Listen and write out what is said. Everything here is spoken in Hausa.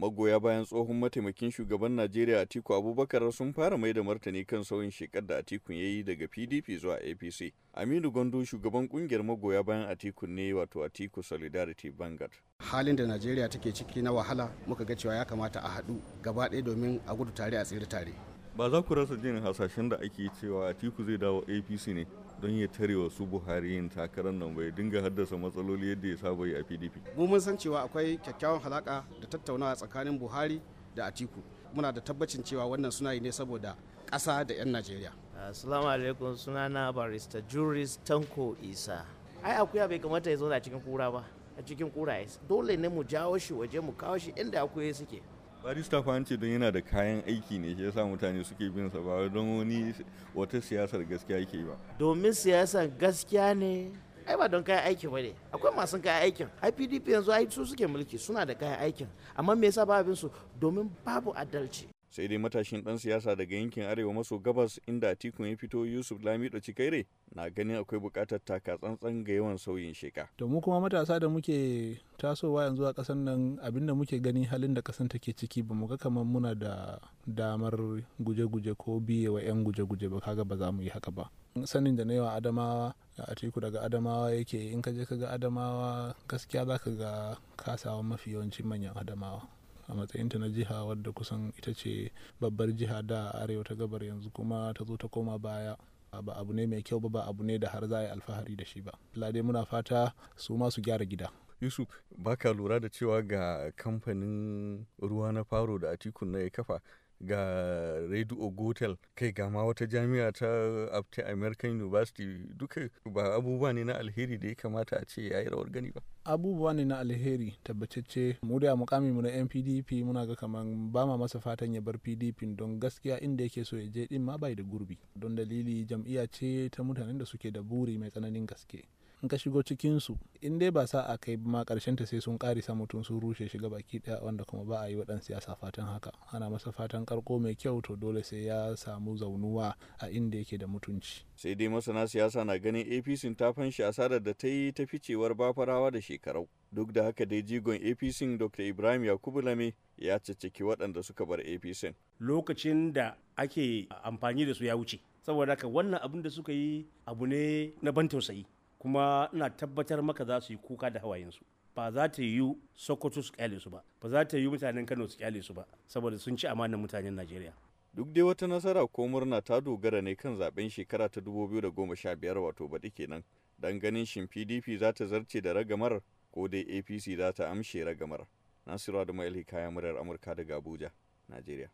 magoya bayan tsohon mataimakin shugaban najeriya atiku abubakar sun fara mai da martani kan sauyin shekar da atiku ya yi daga pdp zuwa apc aminu gondo shugaban kungiyar magoya bayan TIKU ne wato atiku solidarity vanguard halin da najeriya take ciki na wahala muka ga cewa ya kamata a haɗu gaba ɗaya domin a gudu tare a tsere tare ba za ku rasa jin hasashen da ake cewa atiku zai dawo apc ne don ya tare wa su buhari yin takarar nan bai dinga haddasa matsaloli yadda ya saba yi a pdp mu mun san cewa akwai kyakkyawan halaka da tattaunawa tsakanin buhari da atiku muna da tabbacin cewa wannan suna yi ne saboda ƙasa da 'yan najeriya assalamu alaikum na barista juris tanko isa ai akuya bai kamata ya zauna cikin kura ba a cikin kura dole ne mu jawo shi waje mu kawo shi inda akuya suke barista fa don yana da kayan aiki ne shi yasa mutane suke bin sa ba don wani wata siyasar gaskiya yake ba domin siyasar gaskiya ne ai ba don kayan aiki bane akwai masu kayan aikin ipdp yanzu ai su suke mulki suna da kayan aikin amma me yasa ba abin su domin babu adalci sai dai matashin dan siyasa daga yankin arewa maso gabas inda atiku ya fito yusuf lamido cikaire na ganin akwai bukatar taka tsantsan ga yawan sauyin sheka to mu kuma matasa da muke tasowa yanzu a kasan nan abinda muke gani halin da kasan take ciki ba mu ga kamar muna da damar guje-guje ko biye wa 'yan guje-guje ba kaga ba za mu yi haka ba sanin da na yawa adamawa a atiku daga adamawa yake in ka je ka ga adamawa gaskiya za ka ga kasawa mafi yawancin manyan adamawa a matsayinta na jiha wadda kusan ita ce babbar jiha da arewa ta gabar yanzu kuma ta zo ta koma baya ba abu ne mai kyau ba ba abu ne da har za a yi alfahari da shi ba. Lade muna fata su ma su gyara gida. Yusuf baka lura da cewa ga kamfanin ruwa na faro da Atiku na ya kafa ga radio gotel kai ga ma wata jami'a ta abta american university duka ba abubuwa ne na alheri da ya kamata a ce yayi rawar gani ba abubuwa ne na alheri tabbacacce mu da mukami mu na npdp muna ga kamar ba ma masa fatan ya bar pdp don gaskiya inda yake so ya je din ma bai da gurbi don dalili jam'iyya ce ta mutanen da suke da buri mai tsananin gaske in ka shigo cikinsu in dai ba a kai ma karshen ta sai sun sa mutum sun rushe shiga baki daya wanda kuma ba a yi wa siyasa fatan haka ana masa fatan karko mai kyau to dole sai ya samu zaunuwa a inda yake da mutunci sai dai masana siyasa na ganin apc ta fanshi asarar da ta yi ta ficewar bafarawa da shekarau duk da haka dai jigon apc dr ibrahim yakubu lame ya cicciki waɗanda suka bar apc lokacin da ake amfani da su ya wuce saboda haka wannan abin da suka yi abu ne na ban tausayi kuma ina tabbatar maka za su yi kuka da hawayensu ba za ta yi sokoto su kyale su ba ba za ta yi mutanen kano su kyale su ba saboda sun ci amanar mutanen najeriya duk dai wata nasara ko murna ta dogara ne kan zaben shekara ta 2015 wato baɗi kenan dan ganin shin pdp za ta zarce da ragamar ko dai apc za ta amshe ragamar nasiru adamu ilhi kayan murar amurka daga abuja najeriya